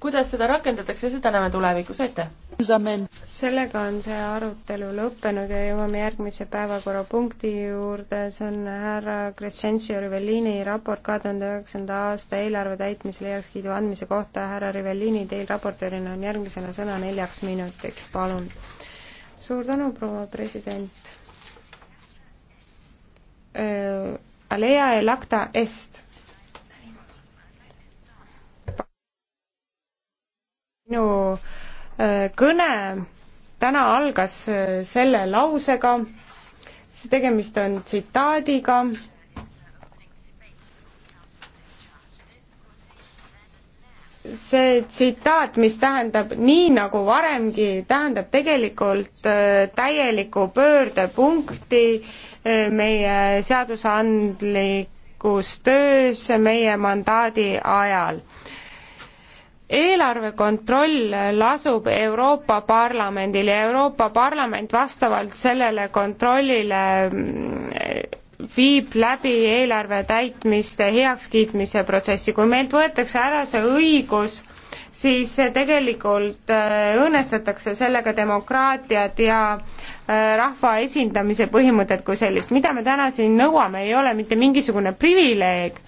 kuidas seda rakendatakse, seda näeme tulevikus, aitäh! sellega on see arutelu lõppenud ja jõuame järgmise päevakorrapunkti juurde, see on härra Crescencio Rivellini raport kahe tuhande üheksanda aasta eelarve täitmisele heakskiidu andmise kohta. härra Rivellini, teil raportöörina on järgmisena sõna neljaks minutiks, palun. suur tänu, proua president. Äh, Alea elacta est minu äh, kõne täna algas äh, selle lausega, tegemist on tsitaadiga, see tsitaat, mis tähendab nii nagu varemgi, tähendab tegelikult äh, täielikku pöördepunkti meie seadusandlikus töös meie mandaadi ajal eelarvekontroll lasub Euroopa Parlamendil ja Euroopa Parlament vastavalt sellele kontrollile mm, viib läbi eelarve täitmiste heakskiitmise protsessi. kui meilt võetakse ära see õigus, siis tegelikult äh, õõnestatakse sellega demokraatiat ja äh, rahva esindamise põhimõtet kui sellist. mida me täna siin nõuame, ei ole mitte mingisugune privileeg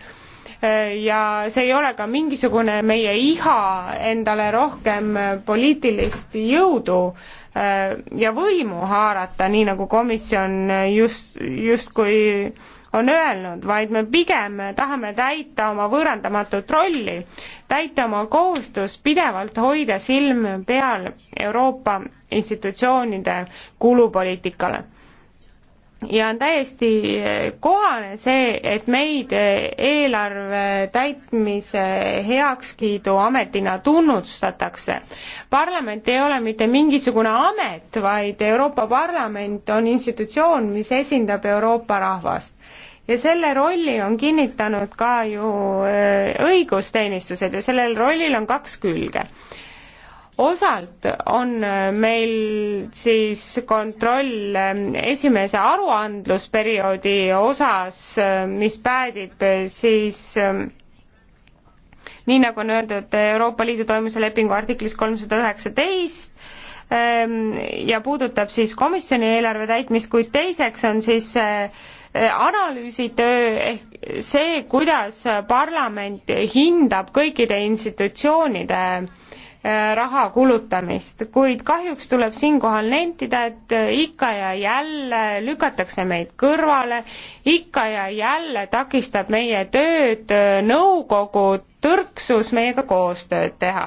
ja see ei ole ka mingisugune meie iha endale rohkem poliitilist jõudu äh, ja võimu haarata, nii nagu komisjon just, justkui on öelnud, vaid me pigem tahame täita oma võõrandamatut rolli, täita oma kohustust pidevalt hoida silm peal Euroopa institutsioonide kulupoliitikale ja on täiesti kohane see, et meid eelarve täitmise heakskiidu ametina tunnustatakse. parlament ei ole mitte mingisugune amet, vaid Euroopa Parlament on institutsioon, mis esindab Euroopa rahvast ja selle rolli on kinnitanud ka ju äh, õigusteenistused ja sellel rollil on kaks külge osalt on äh, meil siis kontroll äh, esimese aruandlusperioodi osas, äh, mis päädib siis ähm, nii nagu on öeldud Euroopa Liidu toimuse lepingu artiklis kolmsada üheksateist, ähm, ja puudutab siis komisjoni eelarve täitmist, kuid teiseks on siis analüüsitöö ehk see, kuidas parlament hindab kõikide institutsioonide Äh, raha kulutamist, kuid kahjuks tuleb siinkohal nentida, et äh, ikka ja jälle lükatakse meid kõrvale, ikka ja jälle takistab meie tööd äh, nõukogu tõrksus meiega koostööd teha.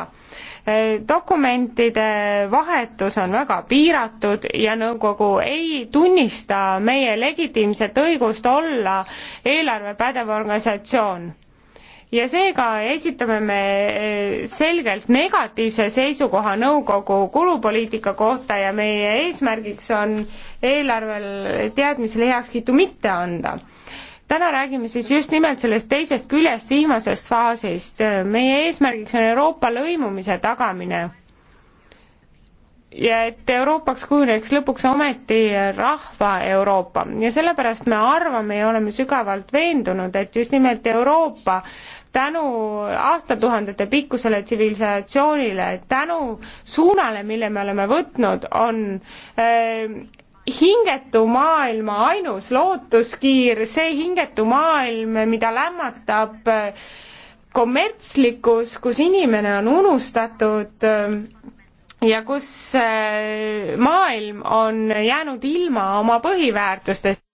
dokumentide vahetus on väga piiratud ja nõukogu ei tunnista meie legitiimset õigust olla eelarvepädev organisatsioon ja seega esitame me eh, selgelt negatiivse seisukoha nõukogu kulupoliitika kohta ja meie eesmärgiks on eelarvel teadmisele heakskiitu mitte anda täna räägime siis just nimelt sellest teisest küljest, viimasest faasist. meie eesmärgiks on Euroopa lõimumise tagamine. ja et Euroopaks kujuneks lõpuks ometi rahva Euroopa ja sellepärast me arvame ja oleme sügavalt veendunud, et just nimelt Euroopa tänu aastatuhandete pikkusele tsivilisatsioonile, tänu suunale, mille me oleme võtnud, on äh, hingetu maailma ainus lootuskiir, see hingetu maailm, mida lämmatab äh, kommertslikkus, kus inimene on unustatud äh, ja kus äh, maailm on jäänud ilma oma põhiväärtustest.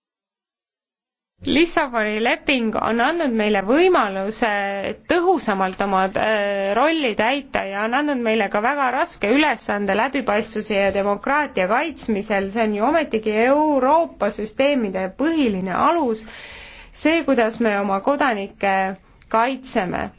Lissaboni leping on andnud meile võimaluse tõhusamalt oma äh, rolli täita ja on andnud meile ka väga raske ülesande läbipaistvuse ja demokraatia kaitsmisel, see on ju ometigi Euroopa süsteemide põhiline alus, see, kuidas me oma kodanikke kaitseme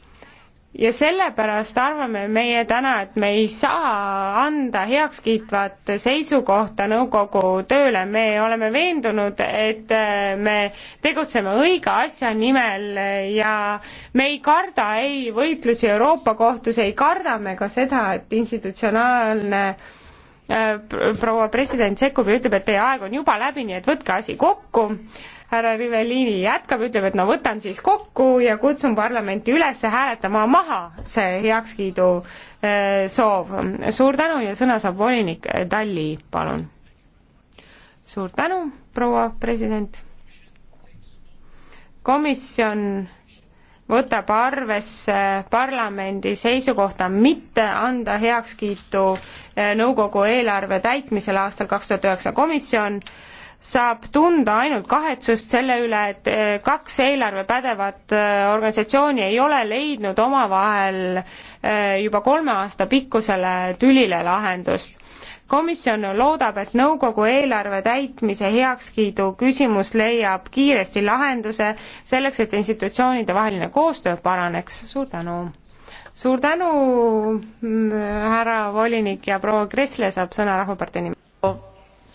ja sellepärast arvame meie täna, et me ei saa anda heakskiitvat seisukohta nõukogu tööle, me oleme veendunud, et äh, me tegutseme õige asja nimel ja me ei karda ei võitlusi Euroopa Kohtus, ei karda me ka seda, et institutsionaalne äh, proua president sekkub ja ütleb, et teie aeg on juba läbi, nii et võtke asi kokku härra Rivelini jätkab, ütleb, et no võtan siis kokku ja kutsun parlamenti üles hääletama maha see heakskiidu eh, soov. suur tänu ja sõna saab volinik Talli, palun. suur tänu, proua president. komisjon võtab arvesse parlamendi seisukohta mitte anda heakskiitu eh, nõukogu eelarve täitmisel aastal kaks tuhat üheksa. komisjon äh, saab tunda ainult kahetsust selle üle, et eh, kaks eelarvepädevat eh, organisatsiooni ei ole leidnud omavahel eh, juba kolme aasta pikkusele tülile lahendust. komisjon loodab, et nõukogu eelarve täitmise heakskiidu küsimus leiab kiiresti lahenduse selleks, et institutsioonide vaheline koostöö paraneks. suur tänu! suur tänu, härra volinik ja proua Kressle saab sõna Rahvapartei nimel. Oh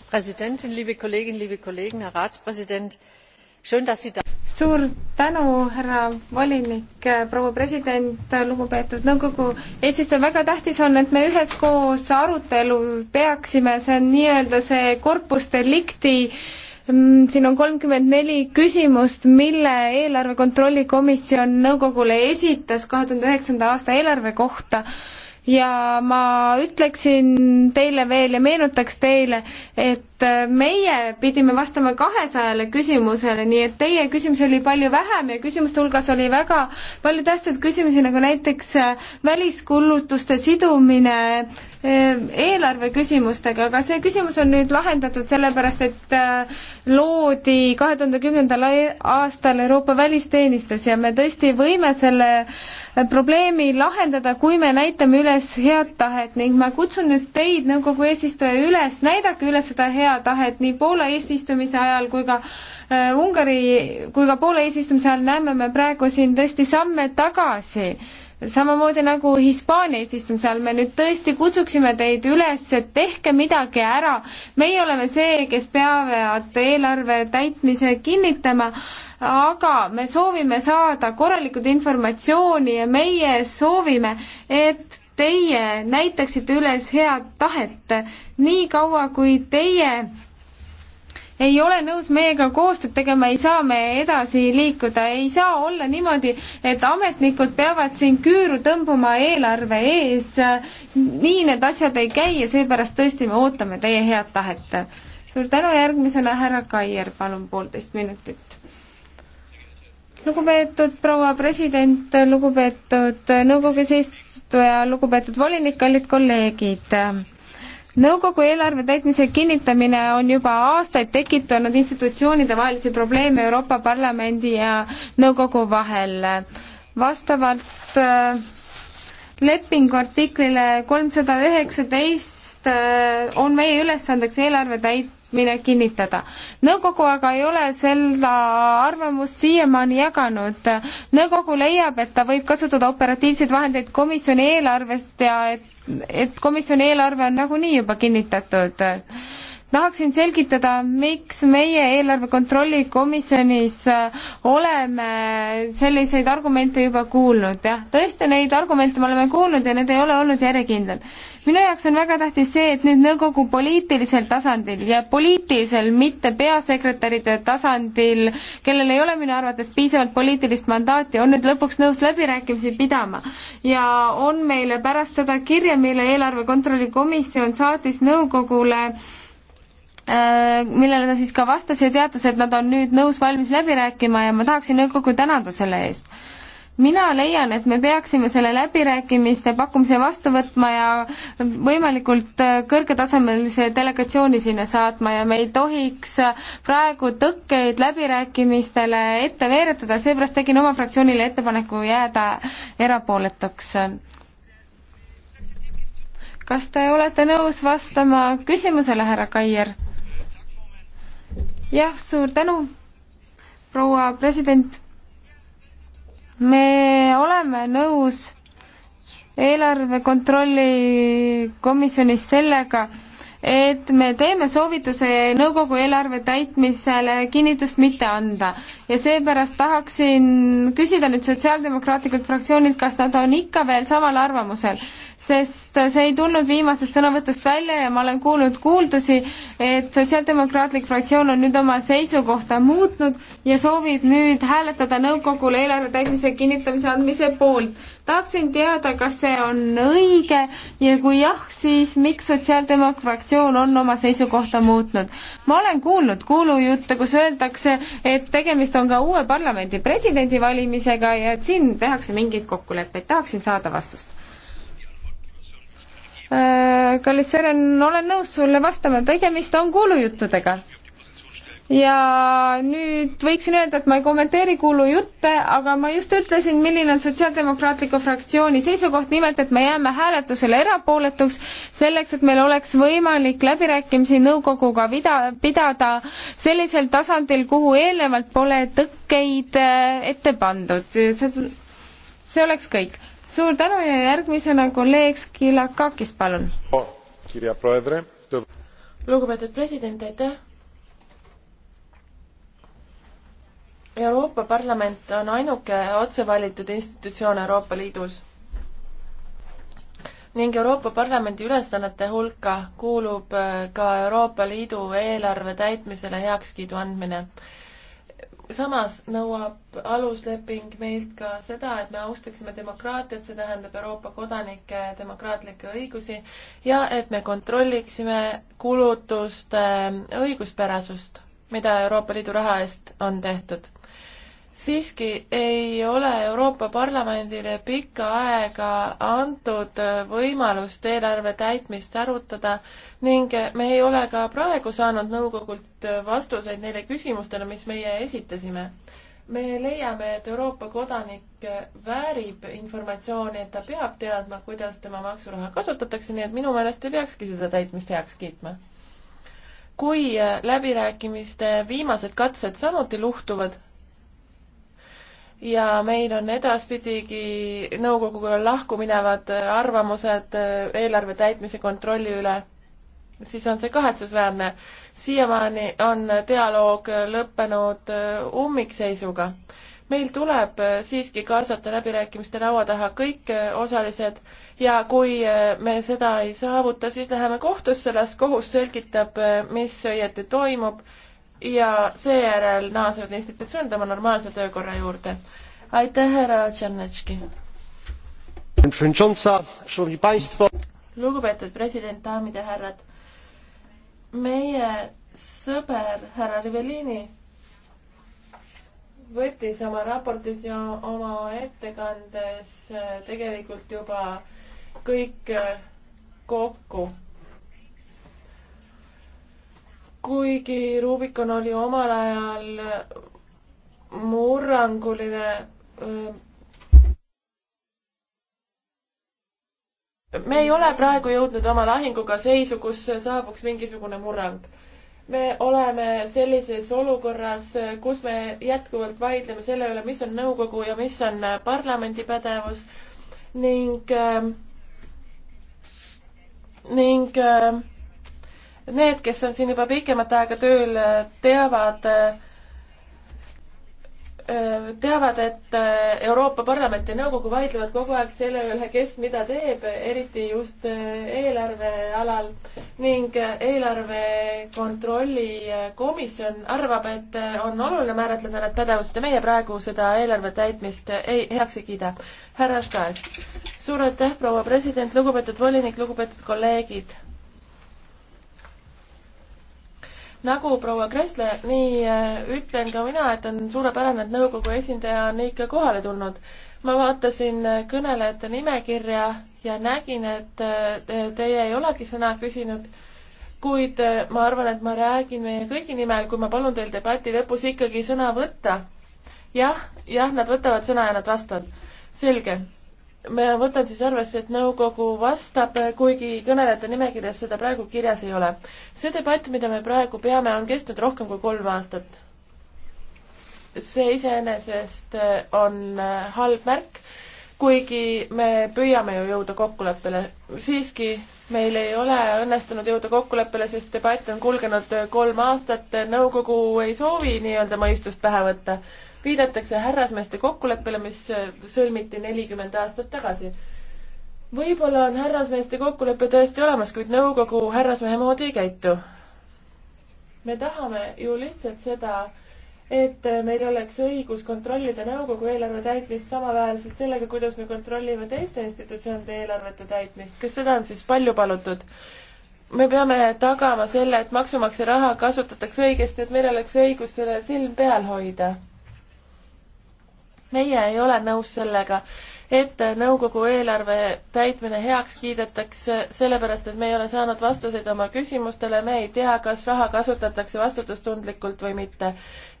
frau präsidentin liebe kolleginnen liebe kollegen herr ratspräsident! schön dass sie da suur tänu, härra volinik, proua president, lugupeetud nõukogu eesistuja, väga tähtis on, et me üheskoos arutelu peaksime, see on nii-öelda see corpus delicti mm, siin on kolmkümmend neli küsimust, mille eelarve kontrolli komisjon nõukogule esitas kahe tuhande üheksanda aasta eelarve kohta ja ma ütleksin teile veel ja meenutaks teile, et Äh, meie pidime vastama kahesajale küsimusele, nii et teie küsimusi oli palju vähem ja küsimuste hulgas oli väga palju tähtsaid küsimusi, nagu näiteks äh, väliskulutuste sidumine äh, eelarve küsimustega, aga see küsimus on nüüd lahendatud sellepärast, et loodi kahe tuhande kümnendal aastal Euroopa välisteenistus ja me tõesti võime selle probleemi lahendada, kui me näitame üles head tahet ning ma kutsun nüüd teid, nõukogu eesistuja, üles, näidake üles seda head heatahet nii Poola eesistumise ajal kui ka äh, Ungari, kui ka Poola eesistumise ajal näeme me praegu siin tõesti samme tagasi samamoodi nagu Hispaania eesistumise all, me nüüd tõesti kutsuksime teid üles, et tehke midagi ära. meie oleme see, kes peavad eelarve täitmise kinnitama, aga me soovime saada korralikult informatsiooni ja meie soovime, et teie näitaksite üles head tahet, niikaua kui teie ei ole nõus meiega koostööd tegema, ei saa me edasi liikuda, ei saa olla niimoodi, et ametnikud peavad siin küüru tõmbuma eelarve ees. nii need asjad ei käi ja seepärast tõesti me ootame teie head tahet. suur tänu, järgmisena härra Kaier, palun poolteist minutit lugupeetud proua president, lugupeetud nõukogu eesistuja, lugupeetud volinik, kallid kolleegid nõukogu eelarve täitmise kinnitamine on juba aastaid tekitanud institutsioonide vahelisi probleeme Euroopa Parlamendi ja nõukogu vahel. vastavalt äh, lepingu artiklile kolmsada üheksateist äh, on meie ülesandeks eelarve täit-, mine kinnitada. nõukogu aga ei ole seda arvamust siiamaani jaganud. nõukogu leiab, et ta võib kasutada operatiivseid vahendeid komisjoni eelarvest ja et, et komisjoni eelarve on nagunii juba kinnitatud tahaksin selgitada, miks meie eelarve kontrolli komisjonis äh, oleme selliseid argumente juba kuulnud, jah. tõesti, neid argumente me oleme kuulnud ja need ei ole olnud järjekindlad. minu jaoks on väga tähtis see, et nüüd nõukogu poliitilisel tasandil ja poliitilisel, mitte peasekretäride tasandil, kellel ei ole minu arvates piisavalt poliitilist mandaati, on nüüd lõpuks nõus läbirääkimisi pidama. ja on meile pärast seda kirja, mille eelarve kontrolli komisjon saatis nõukogule, Äh, millele ta siis ka vastas ja teatas, et nad on nüüd nõus valmis läbi rääkima ja ma tahaksin nõukogu tänada selle eest mina leian, et me peaksime selle läbirääkimiste pakkumise vastu võtma ja võimalikult äh, kõrgetasemelise delegatsiooni sinna saatma ja me ei tohiks äh, praegu tõkkeid läbirääkimistele ette veeretada, seepärast tegin oma fraktsioonile ettepaneku jääda erapooletuks. kas te olete nõus vastama küsimusele, härra Kaier? jah, suur tänu, proua president. me oleme nõus eelarve kontrolli komisjonis sellega, et me teeme soovituse nõukogu eelarve täitmisele kinnitust mitte anda. ja seepärast tahaksin küsida nüüd Sotsiaaldemokraatlikult fraktsioonilt, kas nad on ikka veel samal arvamusel, sest see ei tulnud viimasest sõnavõtust välja ja ma olen kuulnud kuuldusi, et Sotsiaaldemokraatlik fraktsioon on nüüd oma seisukohta muutnud ja soovib nüüd hääletada nõukogule eelarve täitmise kinnitamise andmise poolt. tahaksin teada, kas see on õige ja kui jah, siis miks Sotsiaaldemokraat fraktsioon on oma seisukohta muutnud. ma olen kuulnud kuulujutte, kus öeldakse, et tegemist on ka uue parlamendi presidendi valimisega ja et siin tehakse mingeid kokkuleppeid, tahaksin saada vastust. Äh, kallis Sõren, olen nõus sulle vastama, tegemist on kuulujuttudega ja nüüd võiksin öelda, et ma ei kommenteeri kuulujutte, aga ma just ütlesin, milline on Sotsiaaldemokraatliku fraktsiooni seisukoht, nimelt et me jääme hääletusele erapooletuks, selleks et meil oleks võimalik läbirääkimisi nõukoguga vida-, pidada sellisel tasandil, kuhu eelnevalt pole tõkkeid äh, ette pandud. see, see oleks kõik. suur tänu ja järgmisena kolleeg Skilakakis, palun oh,. lugupeetud president, aitäh Euroopa Parlament on ainuke otsevalitud institutsioon Euroopa Liidus ning Euroopa Parlamendi ülesannete hulka kuulub äh, ka Euroopa Liidu eelarve täitmisele heakskiidu andmine. samas nõuab alusleping meilt ka seda, et me austaksime demokraatiat, see tähendab Euroopa kodanike demokraatlikke õigusi ja et me kontrolliksime kulutuste äh, õiguspärasust, mida Euroopa Liidu raha eest on tehtud siiski ei ole Euroopa Parlamendile pikka aega antud äh, võimalust eelarve täitmist arutada ning äh, me ei ole ka praegu saanud nõukogult äh, vastuseid neile küsimustele, mis meie esitasime. me leiame, et Euroopa kodanik väärib informatsiooni, et ta peab teadma, kuidas tema maksuraha kasutatakse, nii et minu meelest ei peakski seda täitmist heaks kiitma kui läbirääkimiste viimased katsed samuti luhtuvad, ja meil on edaspidigi nõukoguga lahku minevad arvamused äh, eelarve täitmise kontrolli üle, siis on see kahetsusväärne. siiamaani on dialoog lõppenud äh, ummikseisuga. meil tuleb äh, siiski kaasata läbirääkimiste laua taha kõik osalised ja kui me seda ei saavuta, siis läheme kohtusse, las kohus selgitab, mis õieti toimub ja seejärel naasevad institutsioonid oma normaalse töökorra juurde. aitäh, härra Tšernetški! lugupeetud president, daamid ja härrad! meie sõber härra Rivellini võttis oma raportis ja oma ettekandes eh, tegelikult juba kõik eh, kokku kuigi Rubikon oli omal ajal murranguline me ei ole praegu jõudnud oma lahinguga seisu, kus saabuks mingisugune murrang. me oleme sellises olukorras, kus me jätkuvalt vaidleme selle üle, mis on nõukogu ja mis on parlamendi pädevus ning ning Need, kes on siin juba pikemat aega tööl, teavad, teavad, et Euroopa Parlament ja Nõukogu vaidlevad kogu aeg selle üle, kes mida teeb, eriti just eelarve alal ning eelarve kontrolli komisjon arvab, et on oluline määratleda need pädevused ja meie praegu seda eelarve täitmist ei heaks ei kiida. härra Staes, suur aitäh, proua president, lugupeetud volinik, lugupeetud kolleegid nagu proua Kressle, nii äh, ütlen ka mina, et on suurepärane, et nõukogu esindaja on ikka kohale tulnud. ma vaatasin äh, kõnelejate nimekirja ja nägin, et äh, teie ei olegi sõna küsinud, kuid ma arvan, et ma räägin meie kõigi nimel, kui ma palun teil debati lõpus ikkagi sõna võtta. jah, jah, nad võtavad sõna ja nad vastavad. selge ma võtan siis arvesse, et nõukogu vastab, kuigi kõnelejate nimekirjas seda praegu kirjas ei ole. see debatt, mida me praegu peame, on kestnud rohkem kui kolm aastat. see iseenesest eh, on eh, halb märk, kuigi me püüame ju jõuda kokkuleppele. siiski meil ei ole õnnestunud jõuda kokkuleppele, sest debatt on kulgenud eh, kolm aastat, nõukogu ei soovi nii-öelda mõistust pähe võtta viidatakse härrasmeeste kokkuleppele, mis sõlmiti nelikümmend aastat tagasi. võib-olla on härrasmeeste kokkulepe tõesti olemas, kuid nõukogu härrasmehe moodi ei käitu. me tahame ju lihtsalt seda, et meil oleks õigus kontrollida nõukogu eelarve täitmist samaväärselt sellega, kuidas me kontrollime teiste institutsioonide eelarvete täitmist. kas seda on siis palju palutud? me peame tagama selle, et maksumaksja raha kasutatakse õigesti, et meil oleks õigus selle silm peal hoida meie ei ole nõus sellega, et nõukogu eelarve täitmine heaks kiidetakse, sellepärast et me ei ole saanud vastuseid oma küsimustele, me ei tea, kas raha kasutatakse vastutustundlikult või mitte.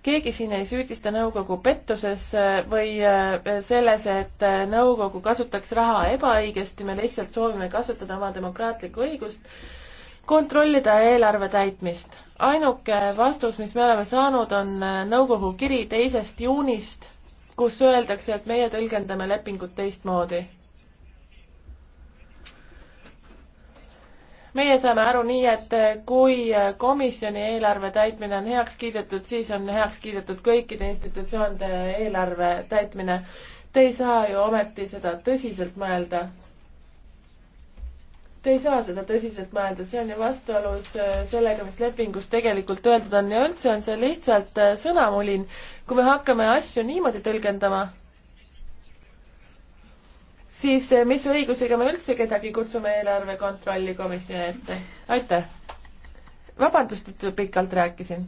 keegi siin ei süüdista nõukogu pettuses või äh, selles, et äh, nõukogu kasutaks raha ebaõigesti, me lihtsalt soovime kasutada oma demokraatlikku õigust kontrollida eelarve täitmist. ainuke vastus, mis me oleme saanud, on äh, nõukogu kiri teisest juunist kus öeldakse, et meie tõlgendame lepingut teistmoodi. meie saame aru nii, et kui komisjoni eelarve täitmine on heaks kiidetud, siis on heaks kiidetud kõikide institutsioonide eelarve täitmine. Te ei saa ju ometi seda tõsiselt mõelda Te ei saa seda tõsiselt mõelda, see on ju vastuolus äh, sellega, mis lepingus tegelikult öeldud on ja üldse on see lihtsalt äh, sõnamulin. kui me hakkame asju niimoodi tõlgendama, siis äh, mis õigusega me üldse kedagi kutsume eelarve kontrolli komisjoni ette? aitäh! vabandust, et pikalt rääkisin.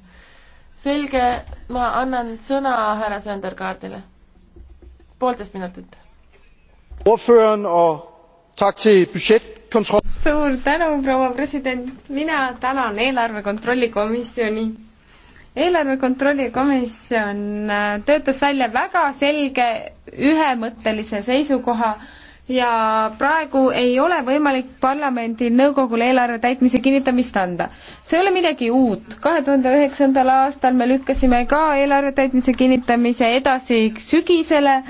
selge, ma annan sõna härra Sõnderkaardile. poolteist minutit suur tänu, proua president, mina tänan eelarve kontrolli komisjoni. eelarve kontrolli komisjon äh, töötas välja väga selge ühemõttelise seisukoha ja praegu ei ole võimalik parlamendil nõukogule eelarve täitmise kinnitamist anda. see ei ole midagi uut, kahe tuhande üheksandal aastal me lükkasime ka eelarve täitmise kinnitamise edasi sügisele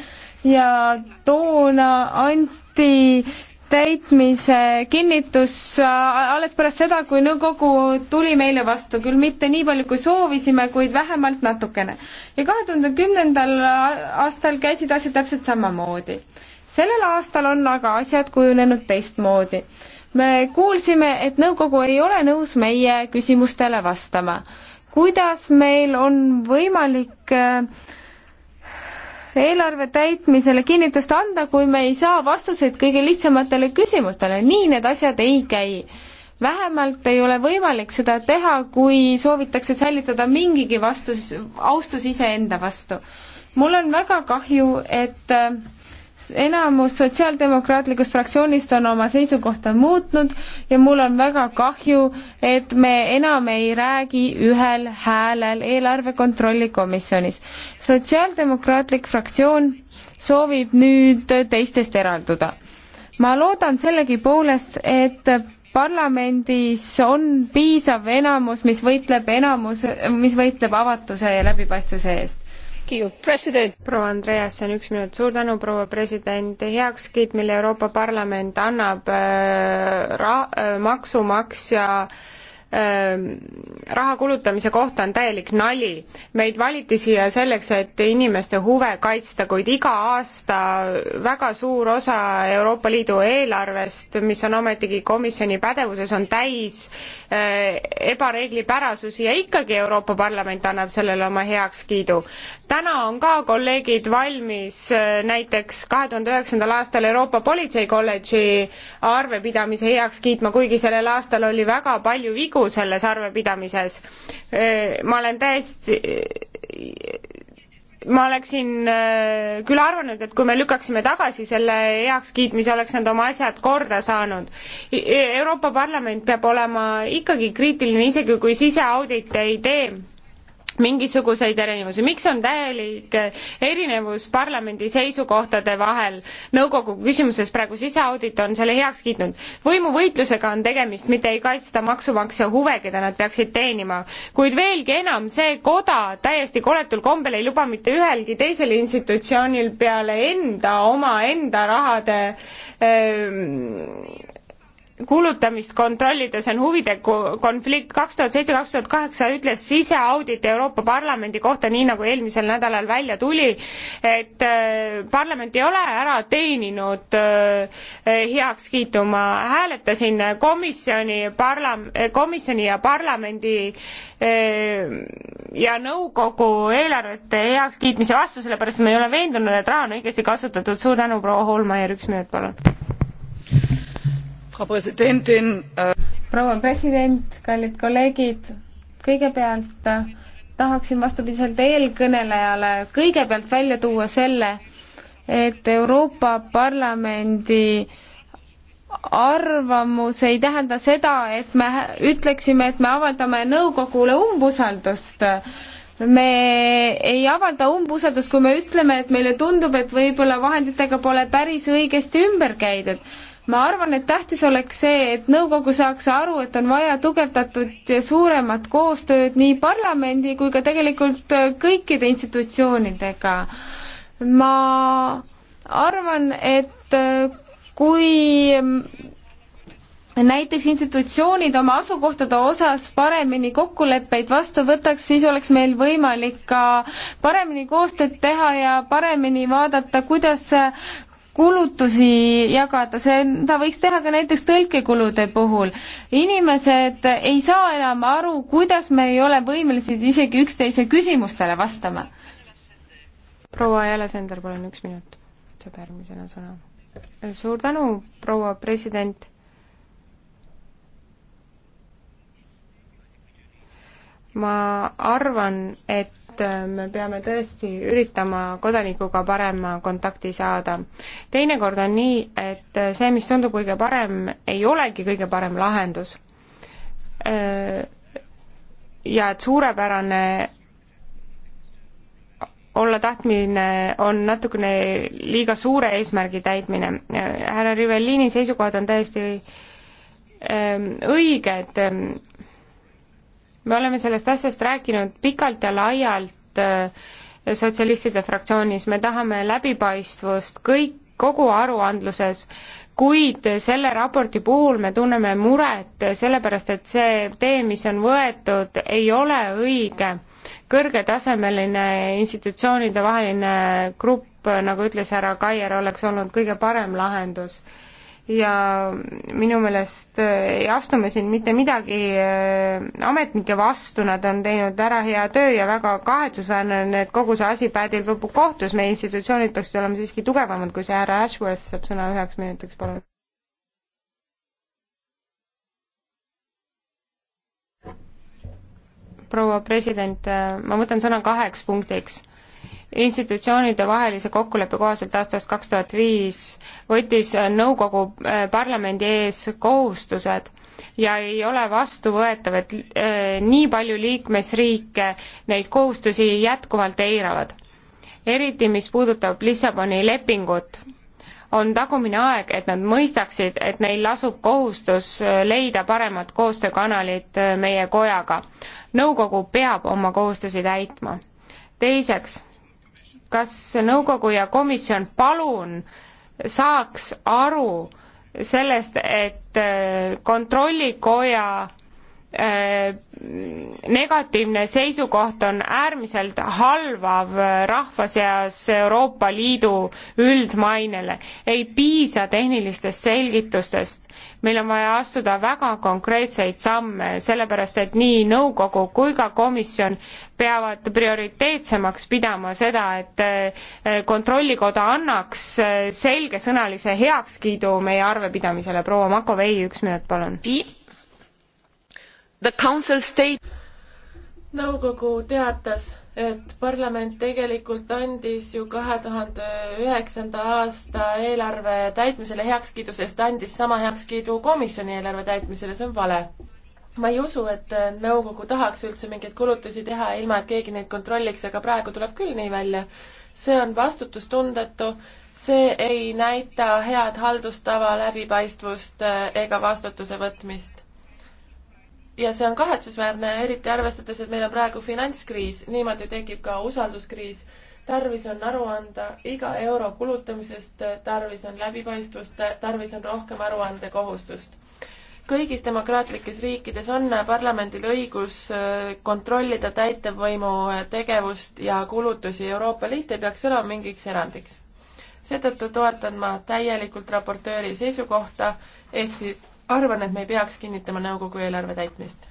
ja toona anti täitmise kinnitus äh, alles pärast seda, kui nõukogu tuli meile vastu, küll mitte nii palju, kui soovisime, kuid vähemalt natukene. ja kahe tuhande kümnendal aastal käisid asjad täpselt samamoodi. sellel aastal on aga asjad kujunenud teistmoodi. me kuulsime, et nõukogu ei ole nõus meie küsimustele vastama. kuidas meil on võimalik äh, eelarve täitmisele kinnitust anda, kui me ei saa vastuseid kõige lihtsamatele küsimustele, nii need asjad ei käi. vähemalt ei ole võimalik seda teha, kui soovitakse säilitada mingigi vastus, austus iseenda vastu. mul on väga kahju, et äh, enamus Sotsiaaldemokraatlikust fraktsioonist on oma seisukohta muutnud ja mul on väga kahju, et me enam ei räägi ühel häälel eelarve kontrolli komisjonis. sotsiaaldemokraatlik fraktsioon soovib nüüd teistest eralduda. ma loodan sellegipoolest, et parlamendis on piisav enamus, mis võitleb enamus, mis võitleb avatuse ja läbipaistvuse eest proua Andreasen, üks minut, suur tänu, proua president, heakskiit, mille Euroopa Parlament annab äh, ra-, äh, maksumaksja Ehm, raha kulutamise kohta on täielik nali. meid valiti siia selleks, et inimeste huve kaitsta, kuid iga aasta väga suur osa Euroopa Liidu eelarvest, mis on ometigi komisjoni pädevuses, on täis eh, ebareeglipärasusi ja ikkagi Euroopa Parlament annab sellele oma heakskiidu. täna on ka kolleegid valmis eh, näiteks kahe tuhande üheksandal aastal Euroopa Politseikolledži arvepidamise heaks kiitma, kuigi sellel aastal oli väga palju vigu, vigu selles arvepidamises. ma olen täiesti ma oleksin küll arvanud, et kui me lükkaksime tagasi selle heakskiitmise, oleks nad oma asjad korda saanud. Euroopa Parlament peab olema ikkagi kriitiline, isegi kui siseaudit ei tee mingisuguseid erinevusi, miks on täielik erinevus parlamendi seisukohtade vahel nõukogu küsimuses, praegu siseaudit on selle heaks kiitnud. võimuvõitlusega on tegemist, mitte ei kaitsta maksumaksja huve, keda nad peaksid teenima, kuid veelgi enam, see koda täiesti koletul kombel ei luba mitte ühelgi teisel institutsioonil peale enda, omaenda rahade öö, ehm, kuulutamist kontrollida, see on huvide konflikt. kaks tuhat seitse, kaks tuhat kaheksa ütles siseaudit Euroopa Parlamendi kohta, nii nagu eelmisel nädalal välja tuli, et äh, parlament ei ole ära teeninud äh, äh, heakskiitu. ma hääletasin komisjoni, parla-, komisjoni ja parlamendi ja nõukogu eelarvete heakskiitmise vastu, sellepärast ma ei ole veendunud, et raha on õigesti kasutatud. suur tänu, proua Holmaier, üks minut, palun Äh, proua president, kallid kolleegid, kõigepealt äh, tahaksin vastupidiselt eelkõnelejale kõigepealt välja tuua selle, et Euroopa Parlamendi arvamus ei tähenda seda, et me ütleksime, et me avaldame nõukogule umbusaldust me ei avalda umbusaldust, kui me ütleme, et meile tundub, et võib-olla vahenditega pole päris õigesti ümber käidud. ma arvan, et tähtis oleks see, et nõukogu saaks aru, et on vaja tugevdatud ja suuremat koostööd nii parlamendi kui ka tegelikult kõikide institutsioonidega. ma arvan, et kui näiteks institutsioonid oma asukohtade osas paremini kokkuleppeid vastu võtaks, siis oleks meil võimalik ka paremini koostööd teha ja paremini vaadata, kuidas kulutusi jagada, seda võiks teha ka näiteks tõlkekulude puhul. inimesed ei saa enam aru, kuidas me ei ole võimelised isegi üksteise küsimustele vastama. proua Jälesender, palun üks minut, saab järgmisena sõna. suur tänu, proua president ma arvan, et me peame tõesti üritama kodanikuga parema kontakti saada. teinekord on nii, et see, mis tundub kõige parem, ei olegi kõige parem lahendus. ja et suurepärane olla tahtmine on natukene liiga suure eesmärgi täitmine. härra Rivellini seisukohad on täiesti õiged me oleme sellest asjast rääkinud pikalt ja laialt äh, sotsialistide fraktsioonis, me tahame läbipaistvust kõik, kogu aruandluses, kuid selle raporti puhul me tunneme muret, sellepärast et see tee, mis on võetud, ei ole õige. kõrgetasemeline institutsioonide vaheline grupp, nagu ütles härra Kaier, oleks olnud kõige parem lahendus ja minu meelest äh, ei astu me siin mitte midagi äh, ametnike vastu, nad on teinud ära hea töö ja väga kahetsusväärne on, et kogu see asi päädib lõpuks kohtus, meie institutsioonid peaksid olema siiski tugevamad, kui see härra Ashworth saab sõna üheks minutiks, palun. proua president, äh, ma võtan sõna kaheks punktiks institutsioonide vahelise kokkuleppe kohaselt aastast kaks tuhat viis võttis äh, nõukogu äh, parlamendi ees kohustused ja ei ole vastuvõetav, et äh, nii palju liikmesriike neid kohustusi jätkuvalt eiravad. eriti, mis puudutab Lissaboni lepingut, on tagumine aeg, et nad mõistaksid, et neil lasub kohustus leida paremad koostöökanalid meie kojaga. nõukogu peab oma kohustusi täitma. teiseks kas nõukogu ja komisjon palun saaks aru sellest, et äh, kontrollikoja äh, negatiivne seisukoht on äärmiselt halvav äh, rahva seas Euroopa Liidu üldmainele. ei piisa tehnilistest selgitustest meil on vaja astuda väga konkreetseid samme, sellepärast et nii nõukogu kui ka komisjon peavad prioriteetsemaks pidama seda, et eh, kontrollikoda annaks eh, selgesõnalise heakskiidu meie arvepidamisele. proua Makovei, üks minut, palun. The council state nõukogu teatas, et parlament tegelikult andis ju kahe tuhande üheksanda aasta eelarve täitmisele heakskiidu, sest andis sama heakskiidu komisjoni eelarve täitmisele, see on vale. ma ei usu, et nõukogu tahaks üldse mingeid kulutusi teha, ilma et keegi neid kontrolliks, aga praegu tuleb küll nii välja. see on vastutustundetu, see ei näita head haldustava, läbipaistvust eh, ega vastutuse võtmist ja see on kahetsusväärne, eriti arvestades, et meil on praegu finantskriis, niimoodi tekib ka usalduskriis. tarvis on aru anda iga euro kulutamisest, äh, tarvis on läbipaistvust, äh, tarvis on rohkem aruandekohustust kõigis demokraatlikes riikides on äh, parlamendil õigus kontrollida täitevvõimu tegevust ja kulutusi. Euroopa Liit ei peaks olema mingiks erandiks. seetõttu toetan ma täielikult raportööri seisukohta, ehk siis arvan, et me ei peaks kinnitama nõukogu eelarve täitmist.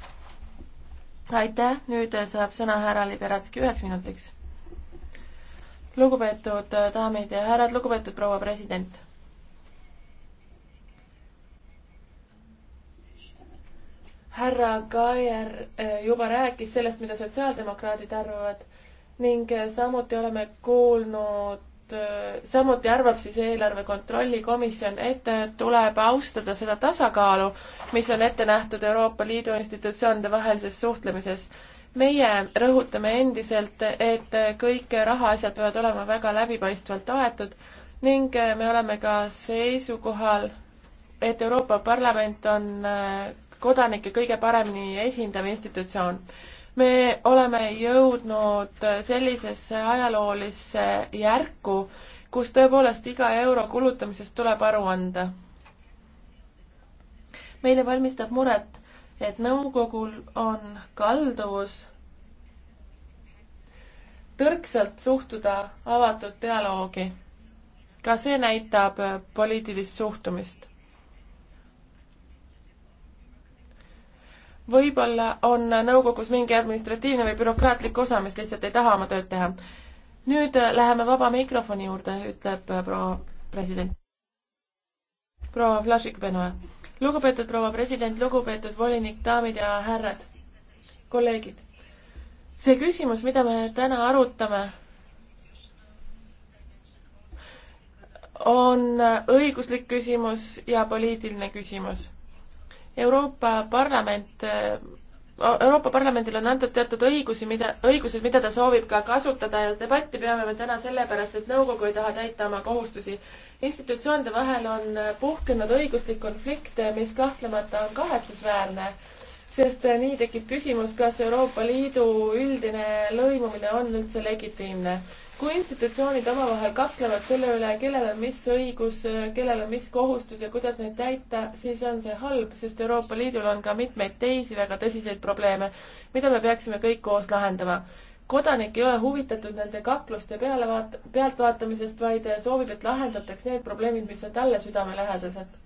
aitäh, nüüd saab sõna härra Liberatski üheks minutiks. lugupeetud daamid ja härrad, lugupeetud proua president härra Kaier eh, juba rääkis sellest, mida sotsiaaldemokraadid arvavad ning eh, samuti oleme kuulnud Äh, samuti arvab siis eelarve kontrolli komisjon, et äh, tuleb austada seda tasakaalu, mis on ette nähtud Euroopa Liidu institutsioonide vahelises suhtlemises. meie rõhutame endiselt, et äh, kõik rahaasjad peavad olema väga läbipaistvalt aetud ning me oleme ka seisukohal, et Euroopa Parlament on kodanike kõige paremini esindav institutsioon me oleme jõudnud sellisesse ajaloolisse järku, kus tõepoolest iga euro kulutamisest tuleb aru anda. meile valmistab muret, et nõukogul on kalduvus tõrksalt suhtuda avatud dialoogi. ka see näitab poliitilist suhtumist. võib-olla on nõukogus mingi administratiivne või bürokraatlik osa, mis lihtsalt ei taha oma tööd teha. nüüd äh, läheme vaba mikrofoni juurde, ütleb äh, proua president. proua Flašik-Benoa. lugupeetud proua president, lugupeetud volinik, daamid ja härrad, kolleegid. see küsimus, mida me täna arutame, on õiguslik küsimus ja poliitiline küsimus Euroopa Parlament Euroopa Parlamendile on antud teatud õigusi, mida, õigused, mida ta soovib ka kasutada ja debatti peame me täna sellepärast, et nõukogu ei taha täita oma kohustusi. institutsioonide vahel on puhkenud õiguslik konflikt, mis kahtlemata on kahetsusväärne sest äh, nii tekib küsimus, kas Euroopa Liidu üldine lõimumine on üldse legitiimne. kui institutsioonid omavahel kaklevad selle üle, kellel on mis õigus, äh, kellel on mis kohustus ja kuidas neid täita, siis on see halb, sest Euroopa Liidul on ka mitmeid teisi väga tõsiseid probleeme, mida me peaksime kõik koos lahendama kodanik ei ole huvitatud nende kakluste peale vaat-, pealtvaatamisest, vaid soovib, et lahendataks need probleemid, mis on talle südamelähedased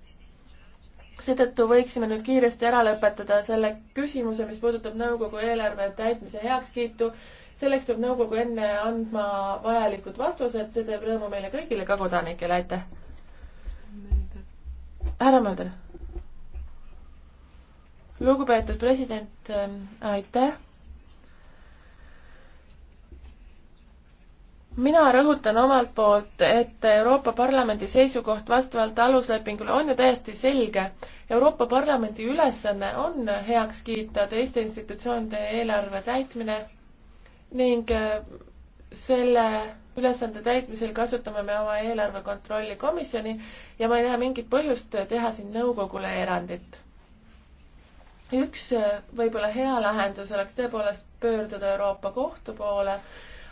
seetõttu võiksime nüüd kiiresti ära lõpetada selle küsimuse, mis puudutab nõukogu eelarve täitmise heakskiitu. selleks peab nõukogu enne andma vajalikud vastused, see teeb rõõmu meile kõigile, ka kodanikele, aitäh. härra Mölder. lugupeetud president, ähm, aitäh mina rõhutan omalt poolt, et Euroopa Parlamendi seisukoht vastavalt aluslepingule on ju täiesti selge. Euroopa Parlamendi ülesanne on heaks kiita teiste institutsioonide eelarve täitmine ning äh, selle ülesande täitmisel kasutame me oma eelarve kontrolli komisjoni ja ma ei näe mingit põhjust teha siin nõukogule erandit. üks äh, võib-olla hea lahendus oleks tõepoolest pöörduda Euroopa Kohtu poole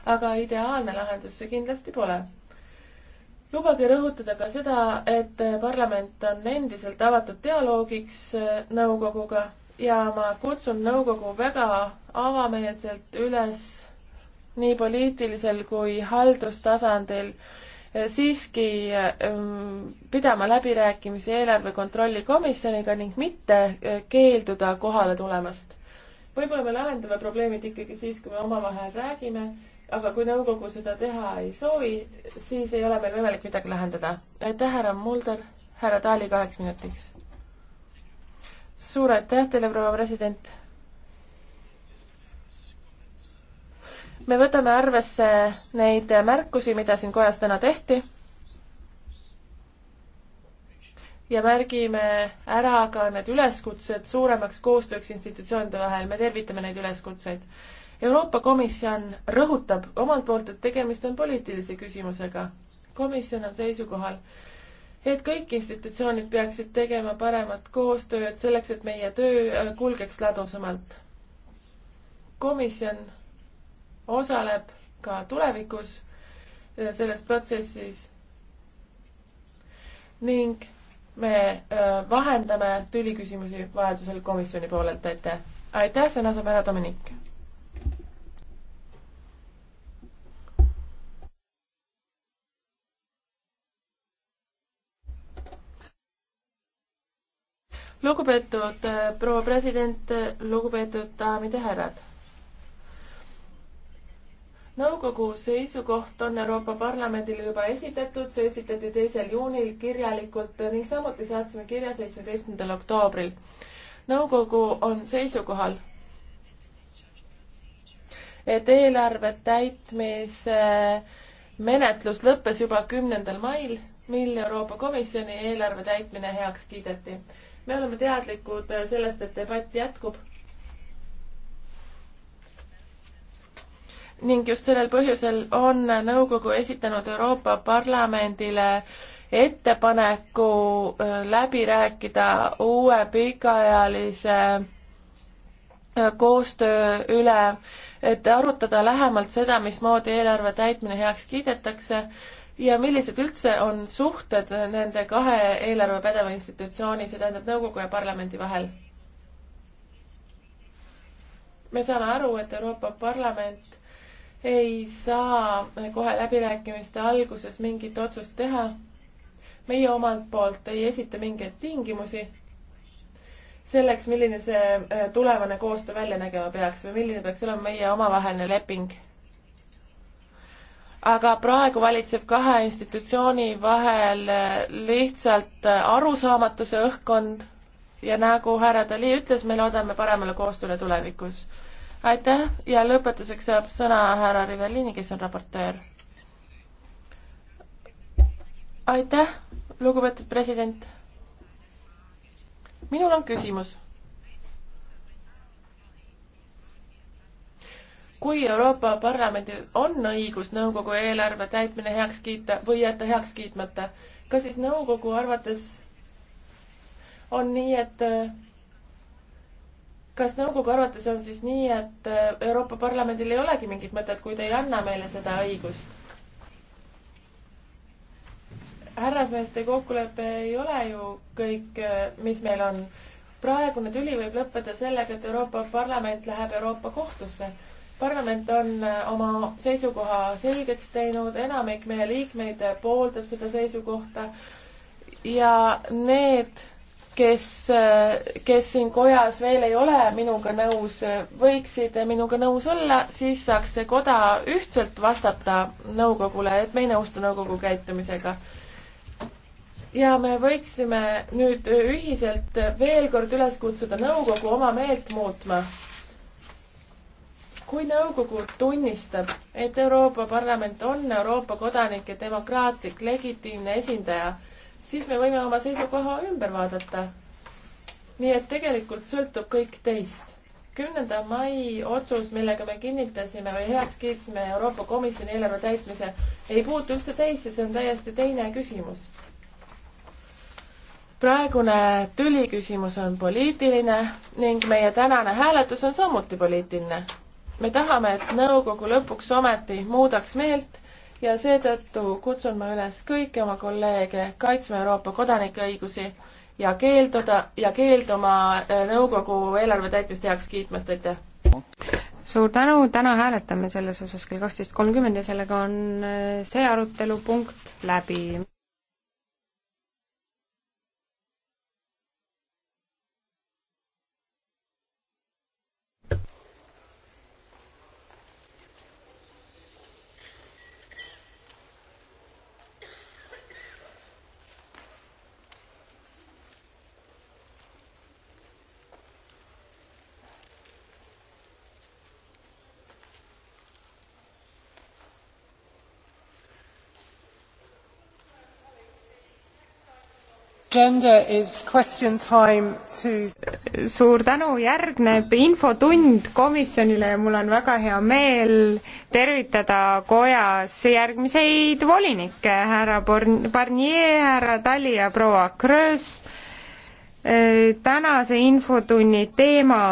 aga ideaalne lahendus see kindlasti pole. lubage rõhutada ka seda, et parlament on endiselt avatud dialoogiks äh, nõukoguga ja ma kutsun nõukogu väga avameelselt üles nii poliitilisel kui haldustasandil äh, siiski äh, pidama läbirääkimisi eelarve kontrolli komisjoniga ning mitte keelduda kohale tulemast. võib-olla me lahendame probleemid ikkagi siis, kui me omavahel räägime aga kui nõukogu seda teha ei soovi, siis ei ole meil võimalik midagi lahendada. aitäh, härra Mulder, härra Taali kaheks minutiks. suur aitäh teile, proua president. me võtame arvesse neid märkusi, mida siin kojas täna tehti. ja märgime ära ka need üleskutsed suuremaks koostööks institutsioonide vahel, me tervitame neid üleskutseid Euroopa Komisjon rõhutab omalt poolt, et tegemist on poliitilise küsimusega. komisjon on seisukohal, et kõik institutsioonid peaksid tegema paremat koostööd selleks, et meie töö äh, kulgeks ladusamalt. komisjon osaleb ka tulevikus äh, selles protsessis ning me äh, vahendame tüliküsimusi vajadusel komisjoni poolelt, aitäh! aitäh, sõna saab härra Dominik! lugupeetud äh, proua president, äh, lugupeetud daamid ja härrad nõukogu seisukoht on Euroopa Parlamendile juba esitatud, see esitati teisel juunil kirjalikult ning samuti saatsime kirja seitsmeteistkümnendal oktoobril. nõukogu on seisukohal, et eelarve täitmise äh, menetlus lõppes juba kümnendal mail, mil Euroopa Komisjoni eelarve täitmine heaks kiideti me oleme teadlikud äh, sellest, et debatt jätkub. ning just sellel põhjusel on nõukogu esitanud Euroopa Parlamendile ettepaneku äh, läbi rääkida uue pikaajalise äh, koostöö üle, et arutada lähemalt seda, mismoodi eelarve täitmine heaks kiidetakse ja millised üldse on suhted nende kahe eelarvepädeva institutsiooni, see tähendab nõukogu ja parlamendi vahel? me saame aru, et Euroopa Parlament ei saa kohe läbirääkimiste alguses mingit otsust teha. meie omalt poolt ei esita mingeid tingimusi selleks, milline see äh, tulevane koostöö välja nägema peaks või milline peaks olema meie omavaheline leping aga praegu valitseb kahe institutsiooni vahel lihtsalt arusaamatuse õhkkond ja nagu härra Dali ütles, me loodame paremale koostööle tulevikus. aitäh ja lõpetuseks saab sõna härra Rivellini, kes on raportöör. aitäh, lugupeetud president. minul on küsimus kui Euroopa Parlamendil on õigus nõukogu eelarve täitmine heaks kiita või jätta heaks kiitmata, kas siis nõukogu arvates on nii, et kas nõukogu arvates on siis nii, et Euroopa Parlamendil ei olegi mingit mõtet, kui te ei anna meile seda õigust? härrasmeeste kokkulepe ei ole ju kõik, mis meil on. praegune tüli võib lõppeda sellega, et Euroopa Parlament läheb Euroopa Kohtusse parlament on äh, oma seisukoha selgeks teinud, enamik meie liikmeid pooldab seda seisukohta ja need, kes, äh, kes siin kojas veel ei ole minuga nõus, võiksid minuga nõus olla, siis saaks see koda ühtselt vastata nõukogule, et me ei nõustu nõukogu käitumisega ja me võiksime nüüd ühiselt veel kord üles kutsuda nõukogu oma meelt muutma kui nõukogu tunnistab, et Euroopa Parlament on Euroopa kodanike demokraatlik legitiimne esindaja, siis me võime oma seisukoha ümber vaadata. nii et tegelikult sõltub kõik teist. kümnenda mai otsus, millega me kinnitasime või heaks kiitsime Euroopa Komisjoni eelarve täitmise, ei puutu üldse teisse, see on täiesti teine küsimus. praegune tüliküsimus on poliitiline ning meie tänane hääletus on samuti poliitiline me tahame, et nõukogu lõpuks ometi muudaks meelt ja seetõttu kutsun ma üles kõiki oma kolleege kaitsma Euroopa kodanike õigusi ja keelduda ja keelduma äh, nõukogu eelarve täitmist heaks kiitmast, aitäh! suur tänu, täna hääletame selles osas kell kaksteist kolmkümmend ja sellega on äh, see arutelupunkt läbi. suur tänu, järgneb infotund komisjonile ja mul on väga hea meel tervitada kojas järgmiseid volinikke, härra Barnier, härra Tali ja proua Kröös. tänase infotunni teema